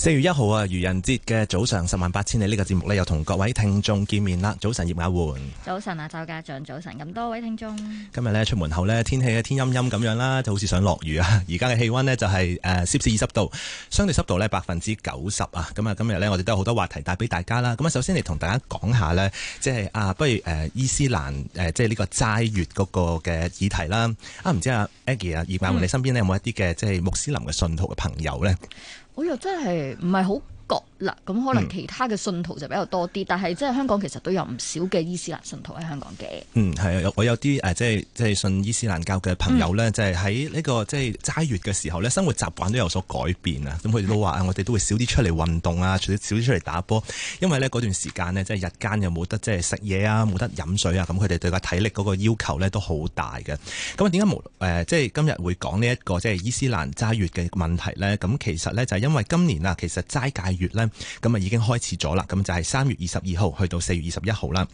四月一號啊，愚人節嘅早上，十萬八千里呢個節目呢，又同各位聽眾見面啦。早晨，葉雅煥。早晨啊，周家俊。早晨。咁多位聽眾，今日呢，出門口呢，天氣天陰陰咁樣啦，就好似想落雨啊。而家嘅氣溫呢，就係誒攝氏二十度，相對濕度呢，百分之九十啊。咁啊，今日呢，我哋都有好多話題帶俾大家啦。咁啊，首先嚟同大家講下呢，即係啊，不如誒伊斯蘭誒，即係呢個齋月嗰個嘅議題啦。啊，唔知啊 Aggie 啊，葉雅煥，你身邊呢，有冇一啲嘅即係穆斯林嘅信徒嘅朋友呢？嗯我又真係唔係好。咁可能其他嘅信徒就比較多啲，嗯、但係即係香港其實都有唔少嘅伊斯蘭信徒喺香港嘅。嗯，係啊，我有啲誒，即係即係信伊斯蘭教嘅朋友咧、嗯這個，就係喺呢個即係齋月嘅時候咧，生活習慣都有所改變啊。咁佢哋都話的我哋都會少啲出嚟運動啊，少少啲出嚟打波，因為咧嗰段時間呢，即、就、係、是、日間又冇得即係食嘢啊，冇得飲水啊，咁佢哋對個體力嗰個要求咧都好大嘅。咁啊、這個，點解冇誒？即係今日會講呢一個即係伊斯蘭齋月嘅問題咧？咁其實咧就係因為今年啊，其實齋戒月咧，咁啊已經開始咗喇，咁就係三月二十二號去到四月二十一號啦。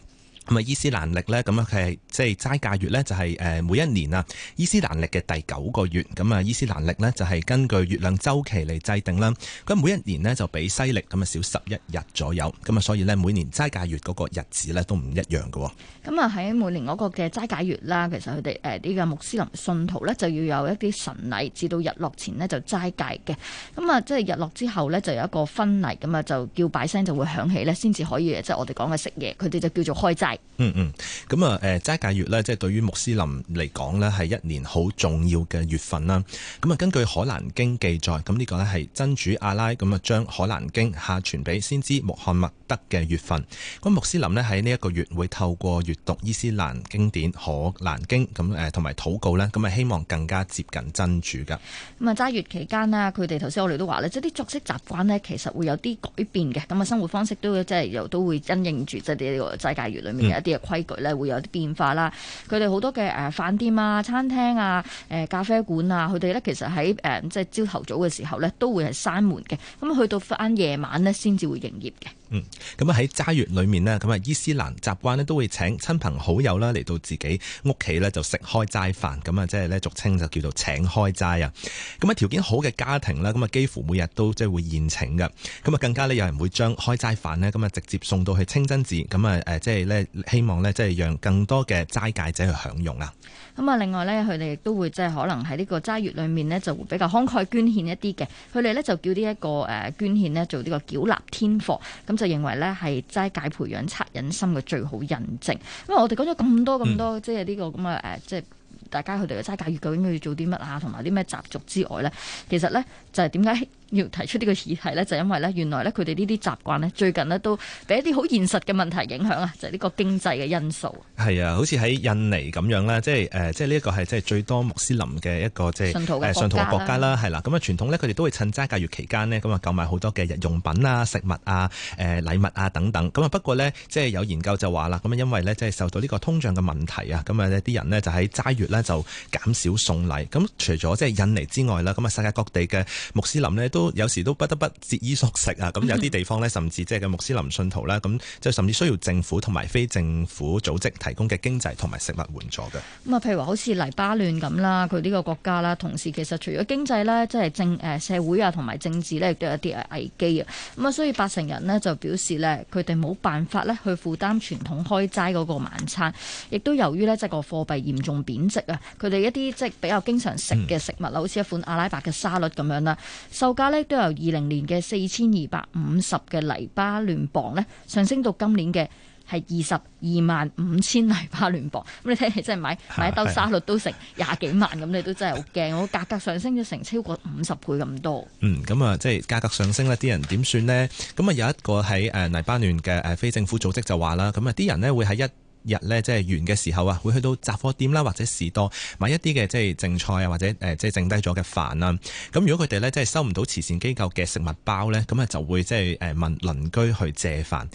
咁啊，伊斯蘭歷呢，咁啊佢係即係齋戒月呢，就係誒每一年啊伊斯蘭歷嘅第九個月。咁啊伊斯蘭歷呢，就係根據月亮周期嚟制定啦。咁每一年呢，就比西歷咁啊少十一日左右。咁啊所以呢，每年齋戒月嗰個日子呢，都唔一樣嘅、哦。咁啊喺每年嗰個嘅齋戒月啦，其實佢哋誒呢個穆斯林信徒呢，就要有一啲神禮，至到日落前呢，就齋戒嘅。咁啊即係日落之後呢，就有一個婚禮，咁啊就叫拜聲就會響起呢，先至可以即係、就是、我哋講嘅食嘢。佢哋就叫做開齋。嗯是嗯，咁啊誒齋戒月咧，即係對於穆斯林嚟講呢，係一年好重要嘅月份啦。咁啊，根據《可蘭經》記載，咁、這、呢個呢係真主阿拉咁啊將《可蘭經》下傳俾先知穆罕默德嘅月份。咁穆斯林呢，喺呢一個月會透過閱讀伊斯蘭經典《可蘭經》，咁誒同埋禱告呢，咁啊希望更加接近真主噶。咁啊齋月期間呢，佢哋頭先我哋都話呢，即啲作息習慣呢，其實會有啲改變嘅。咁啊生活方式都即係又都會因應住即係呢個齋戒月裏面。有一啲嘅規矩咧會有啲變化啦，佢哋好多嘅誒飯店啊、餐廳啊、誒咖啡館啊，佢哋咧其實喺誒即係朝頭早嘅時候咧都會係閂門嘅，咁去到翻夜晚咧先至會營業嘅。嗯，咁啊喺齋月裏面呢，咁啊伊斯蘭習慣咧都會請親朋好友啦，嚟到自己屋企咧就食開齋飯，咁啊即係咧俗稱就叫做請開齋啊。咁啊條件好嘅家庭咧，咁啊幾乎每日都即係會宴請噶。咁啊更加咧有人會將開齋飯呢，咁啊直接送到去清真寺，咁啊誒即係希望呢，即係讓更多嘅齋戒者去享用啊。咁啊另外呢，佢哋亦都會即係可能喺呢個齋月裏面呢，就會比較慷慨捐獻一啲嘅，佢哋呢，就叫呢一個誒捐獻呢做呢個繳納天課，就認為咧係齋戒培養惻隱心嘅最好印證，因為我哋講咗咁多咁多，嗯、即係呢個咁嘅，誒，即係大家佢哋嘅齋戒月究竟要做啲乜啊，同埋啲咩習俗之外咧，其實咧就係點解？要提出呢個議題呢，就是、因為呢，原來呢，佢哋呢啲習慣呢，最近呢，都俾一啲好現實嘅問題影響啊，就係、是、呢個經濟嘅因素。係啊，好似喺印尼咁樣啦。即係誒，即係呢一個係即係最多穆斯林嘅一個即係誒信徒嘅國家啦，係啦。咁啊，啊傳統呢，佢哋都會趁齋戒月期間呢，咁啊購買好多嘅日用品啊、食物啊、誒禮物啊等等。咁啊不過呢，即係有研究就話啦，咁啊因為呢，即係受到呢個通脹嘅問題啊，咁啊呢啲人呢，就喺齋月呢，就減少送禮。咁除咗即係印尼之外啦，咁啊世界各地嘅穆斯林呢。都有時都不得不節衣縮食啊！咁有啲地方呢，甚至即係嘅穆斯林信徒啦，咁就甚至需要政府同埋非政府組織提供嘅經濟同埋食物援助嘅。咁啊、嗯，譬如話好似黎巴嫩咁啦，佢呢個國家啦，同時其實除咗經濟呢，即係政誒社會啊同埋政治呢，亦都有一啲危機啊。咁啊，所以八成人呢就表示呢，佢哋冇辦法呢去負擔傳統開齋嗰個晚餐，亦都由於呢，即係個貨幣嚴重貶值啊，佢哋一啲即係比較經常食嘅食物好似、嗯、一款阿拉伯嘅沙律咁樣啦，收咧都由二零年嘅四千二百五十嘅黎巴嫩磅咧，上升到今年嘅係二十二萬五千黎巴嫩磅。咁你睇，你真係買、啊、買一兜沙律都成廿幾萬，咁 你都真係好驚。我價格上升咗成超過五十倍咁多嗯。嗯、咁、嗯、啊，即係價格上升咧，啲人點算呢？咁啊，有一個喺誒黎巴嫩嘅誒非政府組織就話啦，咁啊，啲人呢會喺一日呢，即係完嘅時候啊，會去到雜貨店啦，或者士多買一啲嘅即係剩菜啊，或者即係剩低咗嘅飯啊。咁如果佢哋呢，即係收唔到慈善機構嘅食物包呢，咁啊就會即係誒問鄰居去借飯。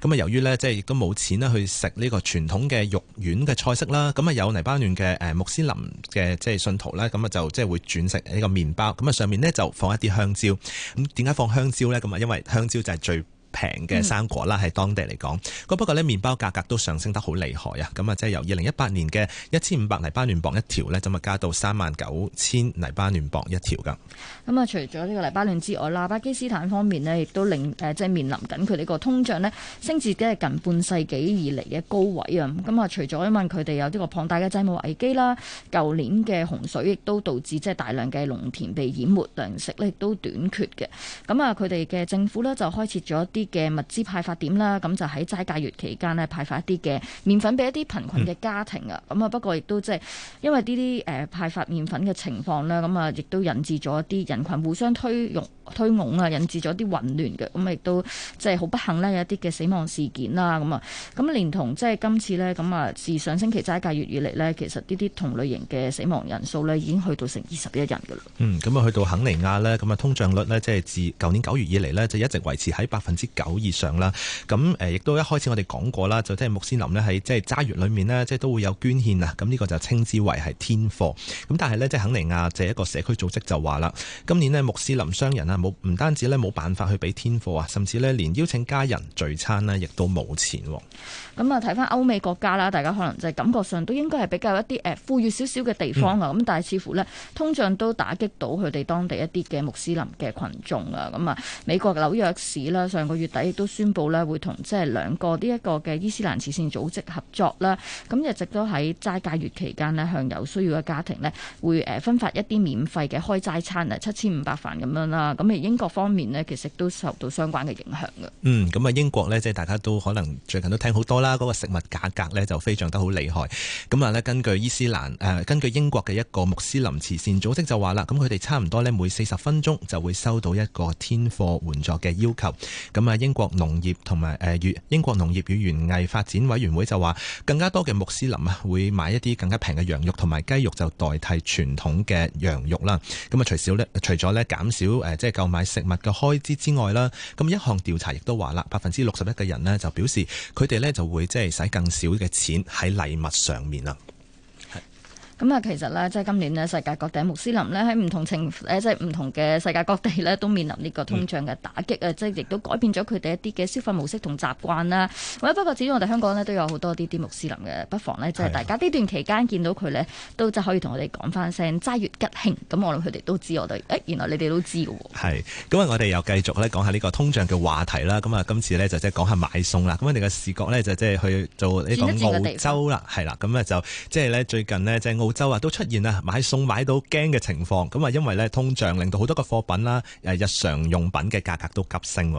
咁啊由於呢，即係亦都冇錢去食呢個傳統嘅肉丸嘅菜式啦，咁啊有黎巴嫩嘅誒穆斯林嘅即係信徒啦，咁啊就即係會轉食呢個麵包。咁啊上面呢，就放一啲香蕉。咁點解放香蕉呢？咁啊因為香蕉就係最平嘅生果啦，喺當地嚟講，不過呢麪包價格都上升得好厲害啊！咁啊，即係由二零一八年嘅一千五百黎巴嫩磅一條呢，就咪加到三萬九千黎巴嫩磅一條噶。咁啊、嗯，除咗呢個黎巴嫩之外啦，巴基斯坦方面呢，亦都令誒即係面臨緊佢哋個通脹呢，升至咧近半世紀以嚟嘅高位啊！咁、嗯、啊，除咗因為佢哋有呢個龐大嘅債務危機啦，舊年嘅洪水亦都導致即係大量嘅農田被淹沒，糧食呢亦都短缺嘅。咁、嗯、啊，佢哋嘅政府呢，就開設咗一啲。啲嘅物資派發點啦，咁就喺齋戒月期間呢，派發一啲嘅麵粉俾一啲貧困嘅家庭啊，咁啊、嗯、不過亦都即係因為呢啲誒派發麵粉嘅情況呢，咁啊亦都引致咗一啲人群互相推擁推擁啊，引致咗啲混亂嘅，咁亦都即係好不幸呢，有一啲嘅死亡事件啦，咁啊咁連同即係今次呢，咁啊自上星期齋戒月以嚟呢，其實呢啲同類型嘅死亡人數呢，已經去到成二十一人噶啦。嗯，咁啊去到肯尼亞呢，咁啊通脹率呢，即係自舊年九月以嚟呢，就一直維持喺百分之。九以上啦，咁誒亦都一開始我哋講過啦，就即係穆斯林咧喺即係齋月裏面咧，即係都會有捐獻啊，咁呢個就稱之為係天貨。咁但係咧，即係肯尼亞這一個社區組織就話啦，今年咧穆斯林商人啊冇唔單止咧冇辦法去俾天貨啊，甚至咧連邀請家人聚餐咧，亦都冇錢喎。咁啊，睇翻歐美國家啦，大家可能就係感覺上都應該係比較一啲誒富裕少少嘅地方啊，咁但係似乎咧通脹都打擊到佢哋當地一啲嘅穆斯林嘅群眾啊，咁啊美國紐約市啦上個月底亦都宣布咧，會同即係兩個呢一個嘅伊斯蘭慈善組織合作啦。咁一直都喺齋戒月期間咧，向有需要嘅家庭咧，會誒分發一啲免費嘅開齋餐啊，七千五百飯咁樣啦。咁而英國方面呢，其實都受到相關嘅影響嘅。嗯，咁啊，英國咧，即係大家都可能最近都聽好多啦，嗰、那個食物價格呢就飛漲得好厲害。咁啊，咧根據伊斯蘭誒、啊，根據英國嘅一個穆斯林慈善組織就話啦，咁佢哋差唔多咧每四十分鐘就會收到一個天貨援助嘅要求。咁英國農業同埋誒英英國農業與園藝發展委員會就話，更加多嘅穆斯林啊，會買一啲更加平嘅羊肉同埋雞肉，就代替傳統嘅羊肉啦。咁啊，除少咧，除咗咧減少誒，即係購買食物嘅開支之外啦。咁，一項調查亦都話啦，百分之六十一嘅人呢就表示，佢哋咧就會即係使更少嘅錢喺禮物上面啦。咁啊，其實咧，即係今年呢，世界各地穆斯林咧，喺唔同情誒，即係唔同嘅世界各地咧，都面臨呢個通脹嘅打擊啊！即係亦都改變咗佢哋一啲嘅消費模式同習慣啦。不過始終我哋香港咧都有好多啲啲穆斯林嘅，不妨呢，即係大家呢段期間見到佢呢，都即係可以同我哋講翻聲齋月吉慶。咁我諗佢哋都知我哋，欸，原來你哋都知㗎喎。係，咁啊，我哋又繼續咧講下呢個通脹嘅話題啦。咁啊，今次呢，就即係講下買餸啦。咁我哋嘅視角呢，就即係去做呢個澳洲啦，係啦。咁啊就即係咧最近呢。澳洲啊都出現啊買餸買到驚嘅情況，咁啊因為咧通脹令到好多嘅貨品啦誒日常用品嘅價格都急升，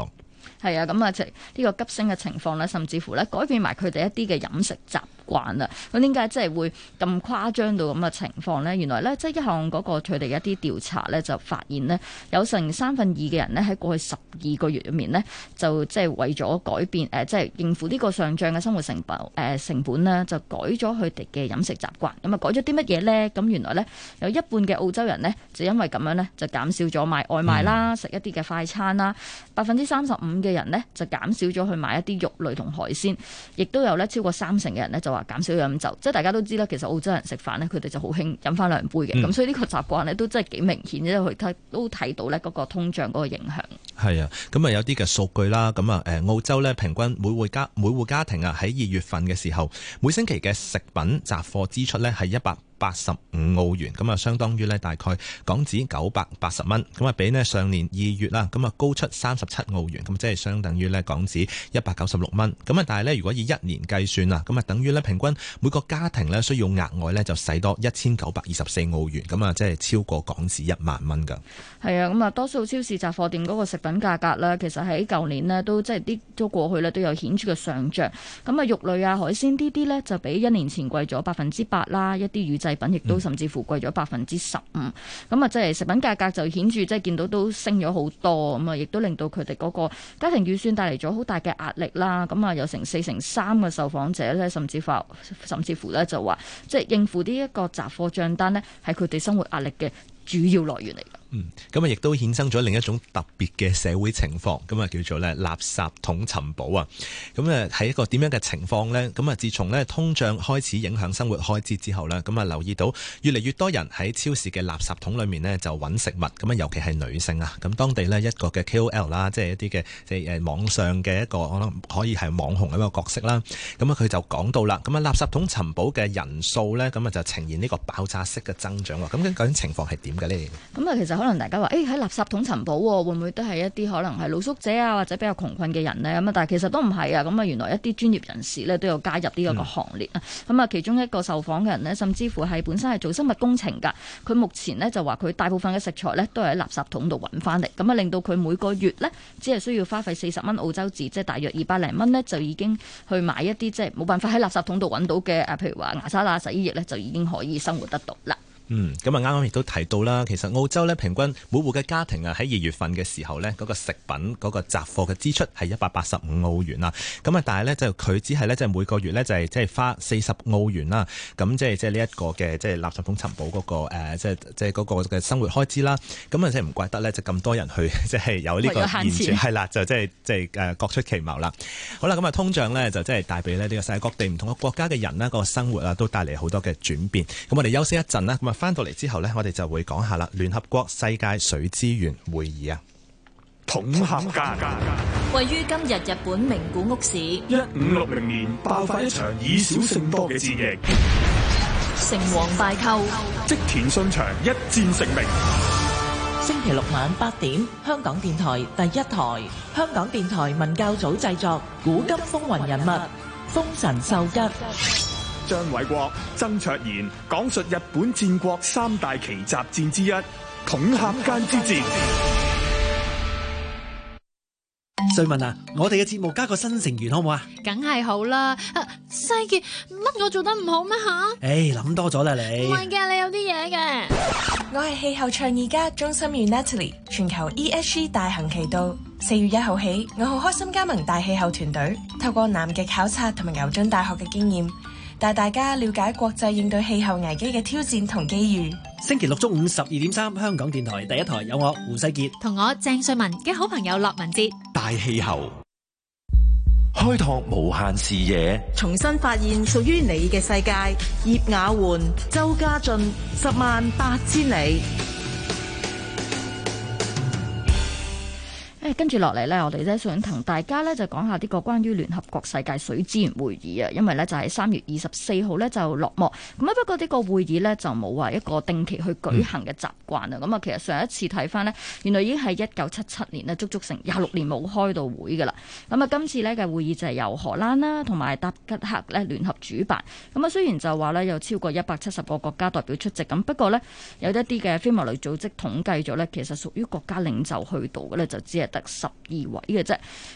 係啊，咁啊即係呢個急升嘅情況咧，甚至乎咧改變埋佢哋一啲嘅飲食習慣。慣啦，咁點解即係會咁誇張到咁嘅情況呢？原來呢，即係一項嗰、嗰個佢哋一啲調查呢，就發現呢，有成三分二嘅人呢，喺過去十二個月入面呢，就即係為咗改變即係應付呢個上漲嘅生活成本誒成本呢，就改咗佢哋嘅飲食習慣。咁啊，改咗啲乜嘢呢？咁原來呢，有一半嘅澳洲人呢，就因為咁樣呢，就減少咗買外賣啦，嗯、食一啲嘅快餐啦。百分之三十五嘅人呢，就減少咗去買一啲肉類同海鮮，亦都有呢，超過三成嘅人呢，就話，減少飲酒，即係大家都知啦。其實澳洲人食飯呢，佢哋就好興飲翻兩杯嘅，咁、嗯、所以呢個習慣呢，都真係幾明顯，因為佢都睇到呢個通脹嗰個影響。係啊，咁啊有啲嘅數據啦，咁啊誒澳洲呢，平均每戶家每戶家庭啊喺二月份嘅時候，每星期嘅食品雜貨支出呢係一百八十五澳元，咁啊相當於咧大概港紙九百八十蚊，咁啊比咧上年二月啦，咁啊高出三十七澳元，咁即係相等於咧港紙一百九十六蚊，咁啊但係咧如果以一年計算啊，咁啊等於咧平均每個家庭咧需要額外咧就使多一千九百二十四澳元，咁啊即係超過港紙一萬蚊噶。係啊，咁啊多數超市雜貨店嗰個食品價格咧，其實喺舊年咧都即係啲都過去啦，都有顯著嘅上漲。咁啊肉類啊海鮮呢啲咧就比一年前貴咗百分之八啦，一啲魚製食品亦都甚至乎貴咗百分之十五，咁啊，即係食品價格就顯著即係見到都升咗好多，咁啊，亦都令到佢哋嗰個家庭預算帶嚟咗好大嘅壓力啦。咁啊，有成四成三嘅受訪者咧，甚至乎，甚至乎咧就話，即係應付呢一個雜貨賬單咧，係佢哋生活壓力嘅主要來源嚟。嗯，咁啊，亦都衍生咗另一種特別嘅社會情況，咁啊，叫做咧垃圾桶尋寶啊。咁啊，係一個點樣嘅情況呢？咁啊，自從咧通脹開始影響生活開支之後呢，咁啊留意到越嚟越多人喺超市嘅垃圾桶裏面呢，就揾食物，咁啊尤其係女性啊。咁當地呢，一個嘅 KOL 啦，即係一啲嘅即係網上嘅一個可能可以係網紅咁嘅角色啦。咁啊佢就講到啦，咁啊垃圾桶尋寶嘅人數呢，咁啊就呈現呢個爆炸式嘅增長。咁究竟情況係點嘅呢？咁啊其實可能大家話誒喺垃圾桶尋寶喎，會唔會都係一啲可能係露宿者啊，或者比較窮困嘅人呢？咁啊？但係其實都唔係啊，咁啊原來一啲專業人士咧都有加入呢一個行列啊。咁啊，其中一個受訪嘅人呢，甚至乎係本身係做生物工程噶，佢目前呢，就話佢大部分嘅食材呢，都係喺垃圾桶度揾翻嚟，咁啊令到佢每個月呢，只係需要花費四十蚊澳洲紙，即係大約二百零蚊呢，就已經去買一啲即係冇辦法喺垃圾桶度揾到嘅，譬如話牙刷啦、洗衣液呢，就已經可以生活得到啦。嗯，咁啊，啱啱亦都提到啦，其實澳洲咧平均每戶嘅家庭啊，喺二月份嘅時候咧，嗰、嗰個食品嗰、嗰個雜貨嘅支出係一百八十五澳元啦。咁啊，但係咧就佢只係咧，就每個月咧就係即係花四十澳元啦。咁即係、即係即係呃、即係呢一個嘅即係垃圾桶尋寶嗰個即係即係嗰個嘅生活開支啦。咁啊，即係唔怪得咧，就咁多人去即係有呢個現象，係啦，就即係即係誒各出其謀啦。好啦，咁啊通脹咧就即係帶俾咧呢個世界各地唔同嘅國家嘅人啦，個生活啊都帶嚟好多嘅轉變。咁我哋休息一陣啦，咁啊。翻到嚟之後呢，我哋就會講下啦。聯合國世界水資源會議啊，桶狹間，位於今日日本名古屋市一五六零年爆發一場以少勝多嘅戰役，成王敗寇，織田信長一戰成名。星期六晚八點，香港電台第一台，香港電台文教組製作《古今風雲人物》，豐臣秀吉。張偉國、曾卓然講述日本戰國三大奇襲戰之一統合間之戰。瑞文啊，我哋嘅節目加個新成員好唔好啊？梗係好啦。世西杰，乜我做得唔好咩吓？誒，諗多咗啦，你唔係嘅，你有啲嘢嘅。我係氣候倡議家，中心員 Natalie，全球 E S G 大行其道。四月一號起，我好開心加盟大氣候團隊，透過南極考察同埋牛津大學嘅經驗。帶大家了解國際應對氣候危機嘅挑戰同機遇。星期六中午十二點三，香港電台第一台有我胡世杰，同我鄭瑞文嘅好朋友駱文哲。大氣候，開拓無限視野，重新發現屬於你嘅世界。葉雅媛、周家俊，十萬八千里。跟住落嚟呢，我哋咧想同大家呢就講下呢個關於聯合國世界水資源會議啊，因為呢，就係三月二十四號呢就落幕。咁啊，不過呢個會議呢，就冇話一個定期去舉行嘅習慣咁啊，嗯、其實上一次睇翻呢，原來已經係一九七七年呢足足成廿六年冇開到會噶啦。咁啊，今次呢嘅會議就係由荷蘭啦同埋塔吉克呢聯合主辦。咁啊，雖然就話呢，有超過一百七十個國家代表出席，咁不過呢，有一啲嘅非牟利組織統計咗呢，其實屬於國家領袖去到嘅呢，就只係得。十二位嘅啫，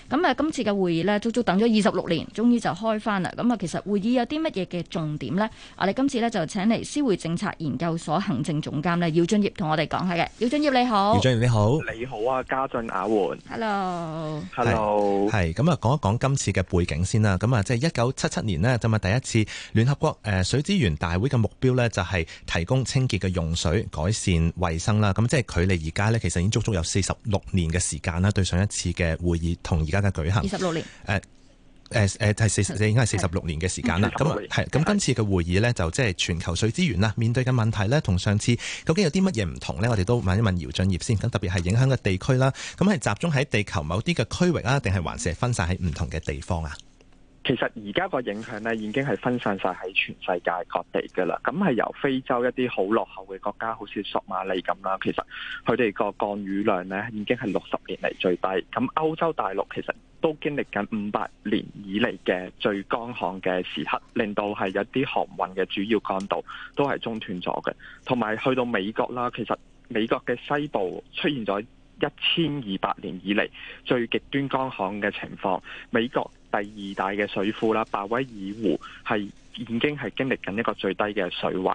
咁啊，今次嘅會議呢，足足等咗二十六年，終於就開翻啦。咁啊，其實會議有啲乜嘢嘅重點呢？我哋今次呢，就請嚟思匯政策研究所行政總監呢，姚俊業同我哋講下嘅。姚俊業你好，姚俊業你好，你好啊，嘉俊阿煥，Hello，Hello，係咁啊，講一講今次嘅背景先啦。咁啊，即係一九七七年呢，就咪第一次聯合國誒水資源大會嘅目標呢，就係提供清潔嘅用水，改善衛生啦。咁即係距離而家呢，其實已經足足有四十六年嘅時間啦。對上一次嘅會議同而家嘅舉行，二十六年，誒、呃，誒、呃，誒，係四，已經係四十六年嘅時間啦。咁係，咁今次嘅會議咧，的就即係全球水資源啦，面對嘅問題咧，同上次究竟有啲乜嘢唔同咧？我哋都問一問姚俊業先。咁特別係影響嘅地區啦，咁係集中喺地球某啲嘅區域啊，定係還是係分散喺唔同嘅地方啊？其實而家個影響咧，已經係分散晒喺全世界各地㗎啦。咁係由非洲一啲好落後嘅國家，好似索馬利咁啦。其實佢哋個降雨量咧，已經係六十年嚟最低。咁歐洲大陸其實都經歷緊五百年以嚟嘅最乾旱嘅時刻，令到係有啲航運嘅主要幹道都係中斷咗嘅。同埋去到美國啦，其實美國嘅西部出現咗一千二百年以嚟最極端乾旱嘅情況。美國。第二大嘅水庫啦，鮑威爾湖係已經係經歷緊一個最低嘅水位。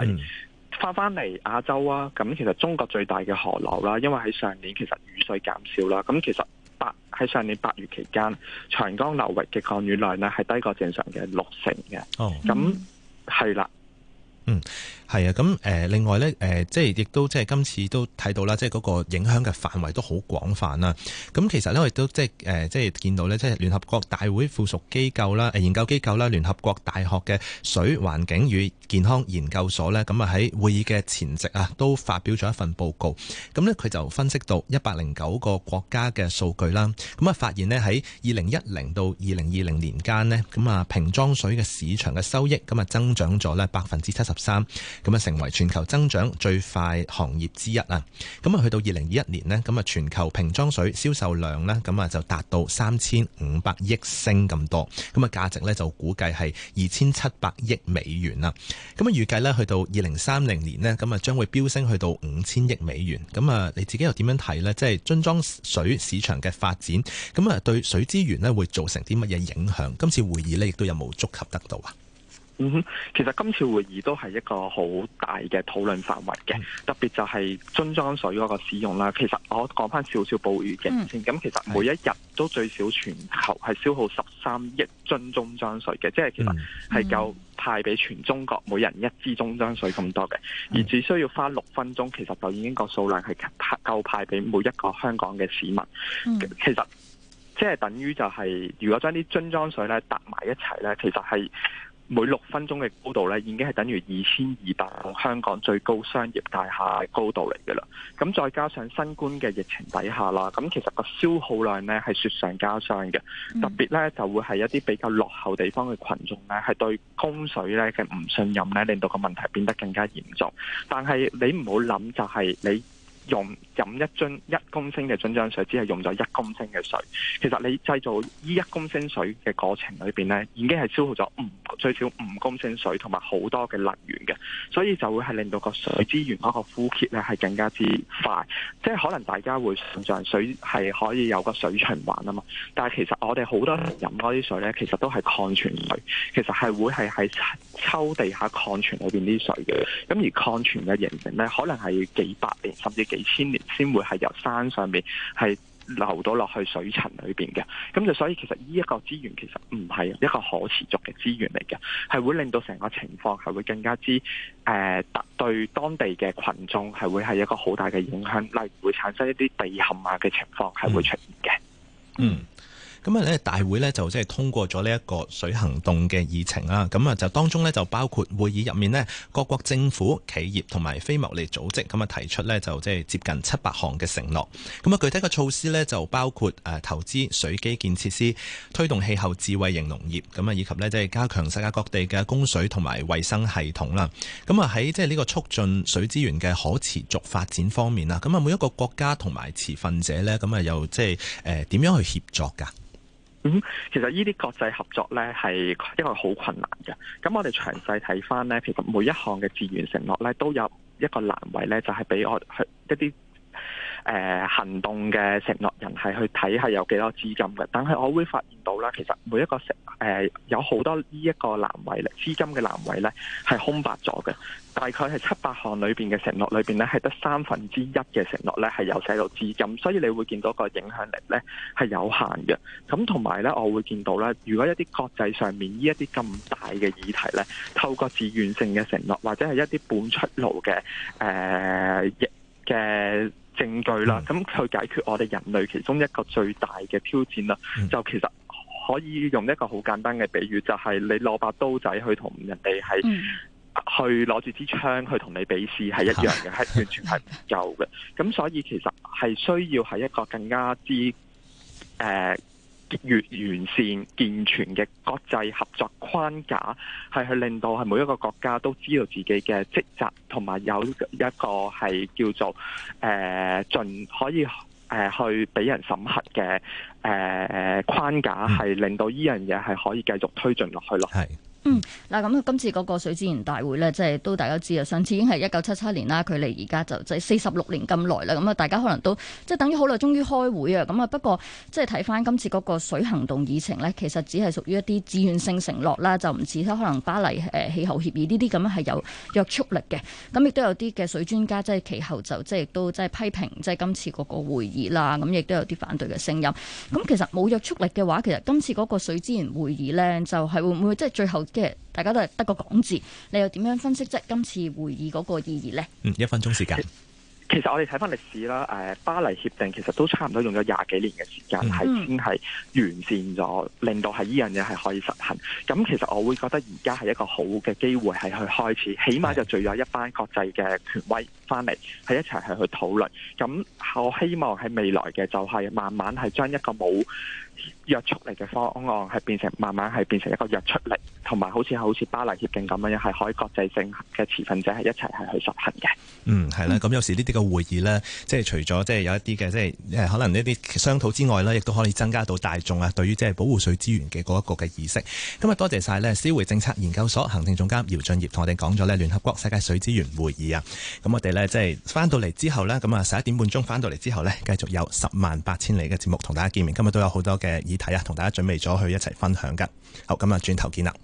翻翻嚟亞洲啊，咁其實中國最大嘅河流啦，因為喺上年其實雨水減少啦，咁其實八喺上年八月期間，長江流域嘅降雨量呢係低過正常嘅六成嘅。哦、oh. 那，咁係啦，嗯。Mm. 係啊，咁誒，另外咧，誒，即係亦都即係今次都睇到啦，即係嗰個影響嘅範圍都好廣泛啦。咁其實咧，我亦都即係誒，即係見到咧，即係聯合國大會附屬機構啦、研究機構啦、聯合國大學嘅水環境與健康研究所咧，咁啊喺會議嘅前夕啊，都發表咗一份報告。咁咧，佢就分析到一百零九個國家嘅數據啦。咁啊，發現呢，喺二零一零到二零二零年間呢，咁啊瓶裝水嘅市場嘅收益咁啊增長咗咧百分之七十三。咁啊，成為全球增長最快行業之一啊！咁啊，去到二零二一年呢咁啊，全球瓶裝水銷售量呢咁啊，就達到三千五百億升咁多，咁啊，價值呢就估計係二千七百億美元啦。咁啊，預計去到二零三零年呢咁啊，將會飆升去到五千億美元。咁啊，你自己又點樣睇呢？即係樽裝水市場嘅發展，咁啊，對水資源呢會造成啲乜嘢影響？今次會議呢亦都有冇觸及得到啊？嗯哼，其實今次會議都係一個好大嘅討論範圍嘅，嗯、特別就係樽裝水嗰個使用啦。其實我講翻少少背景先的，咁、嗯、其實每一日都最少全球係消耗十三億樽樽裝水嘅，嗯、即係其實係夠派俾全中國每人一支樽裝水咁多嘅，嗯、而只需要花六分鐘，其實就已經個數量係夠派俾每一個香港嘅市民。嗯、其實即係等於就係、是，如果將啲樽裝水咧搭埋一齊咧，其實係。每六分鐘嘅高度呢，已經係等於二千二百個香港最高商業大廈嘅高度嚟嘅啦。咁再加上新冠嘅疫情底下啦，咁其實個消耗量呢係雪上加霜嘅。特別呢就會係一啲比較落後地方嘅群眾呢，係對供水呢嘅唔信任呢，令到個問題變得更加嚴重。但係你唔好諗就係你。用飲一樽一公升嘅樽裝水，只係用咗一公升嘅水。其實你製造呢一公升水嘅過程裏面，咧，已經係消耗咗五最少五公升水同埋好多嘅能源嘅，所以就會係令到個水資源嗰個枯竭咧係更加之快。即係可能大家會想像水係可以有個水循環啊嘛，但係其實我哋好多人飲嗰啲水咧，其實都係礦泉水，其實係會係喺抽地下礦泉裏面啲水嘅。咁而礦泉嘅形成咧，可能係幾百年甚至幾二千年先會係由山上面係流到落去水層裏邊嘅，咁就所以其實呢一個資源其實唔係一個可持續嘅資源嚟嘅，係會令到成個情況係會更加之誒，對當地嘅群眾係會係一個好大嘅影響，例如會產生一啲地陷啊嘅情況係會出現嘅，嗯。咁啊，咧，大會咧就即係通過咗呢一個水行動嘅議程啦。咁啊，就當中咧就包括會議入面呢，各國政府、企業同埋非牟利組織咁啊，提出咧就即係接近七百項嘅承諾。咁啊，具體嘅措施咧就包括誒投資水基建設施，推動氣候智慧型農業，咁啊，以及咧即係加強世界各地嘅供水同埋衛生系統啦。咁啊，喺即係呢個促進水資源嘅可持續發展方面啦，咁啊，每一個國家同埋持份者咧，咁啊，又即係誒點樣去協作噶？咁、嗯、其實呢啲國際合作呢，係因為好困難嘅，咁我哋詳細睇返呢，其實每一項嘅自願承諾呢，都有一個難為呢，就係、是、俾我去一啲。誒行動嘅承諾人係去睇係有幾多資金嘅，但係我會發現到啦，其實每一個承、呃、有好多呢一個欄位，咧資金嘅欄位咧係空白咗嘅，大概係七八項裏面嘅承諾裏面咧係得三分之一嘅承諾咧係有寫到資金，所以你會見到個影響力咧係有限嘅。咁同埋咧，我會見到啦，如果一啲國際上面呢一啲咁大嘅議題咧，透過自願性嘅承諾或者係一啲本出路嘅誒嘅。呃證據啦，咁去解決我哋人類其中一個最大嘅挑戰啦，就其實可以用一個好簡單嘅比喻，就係、是、你攞把刀仔去同人哋係、嗯、去攞住支槍去同你比試係一樣嘅，係 完全係唔夠嘅。咁所以其實係需要係一個更加之誒。呃越完善健全嘅國際合作框架，係去令到每一個國家都知道自己嘅職責，同埋有一個係叫做誒盡、呃、可以誒、呃、去俾人審核嘅誒、呃、框架，係令到呢樣嘢係可以繼續推進落去咯。係。嗯，嗱，咁今次嗰個水資源大會呢，即係都大家知啊。上次已經係一九七七年啦，距離而家就即係四十六年咁耐啦。咁啊，大家可能都即係等於好耐，終於開會啊。咁啊，不過即係睇返今次嗰個水行動議程呢，其實只係屬於一啲自願性承諾啦，就唔似得可能巴黎誒、呃、氣候協議呢啲咁樣係有約束力嘅。咁亦都有啲嘅水專家即係其後就即係亦都即係批評即係今次嗰個會議啦。咁亦都有啲反對嘅聲音。咁其實冇約束力嘅話，其實今次嗰個水資源會議呢，就係、是、會唔會即係最後？大家都係得個講字，你又點樣分析即係今次會議嗰個意義呢？嗯，一分鐘時間。其實我哋睇翻歷史啦，誒，巴黎協定其實都差唔多用咗廿幾年嘅時間，係先係完善咗，令到係呢樣嘢係可以實行。咁其實我會覺得而家係一個好嘅機會，係去開始，起碼就聚咗一班國際嘅權威翻嚟，係一齊係去討論。咁我希望喺未來嘅就係慢慢係將一個冇。約束力嘅方案係變成慢慢係變成一個約束力，同埋好似好似巴黎協定咁樣，係可以國際性嘅持份者係一齊係去實行嘅。嗯，係啦，咁有時呢啲嘅會議呢，即係除咗即係有一啲嘅即係可能呢啲商討之外呢，亦都可以增加到大眾啊對於即係保護水資源嘅嗰一個嘅意識。今日多謝晒呢。思匯政策研究所行政總監姚俊業同我哋講咗呢聯合國世界水資源會議啊。咁我哋呢，即係翻到嚟之後呢，咁啊十一點半鐘翻到嚟之後呢，繼續有十萬八千里嘅節目同大家見面。今日都有好多嘅睇啊，同大家準備咗去一齊分享噶。好，咁啊，轉頭見啦。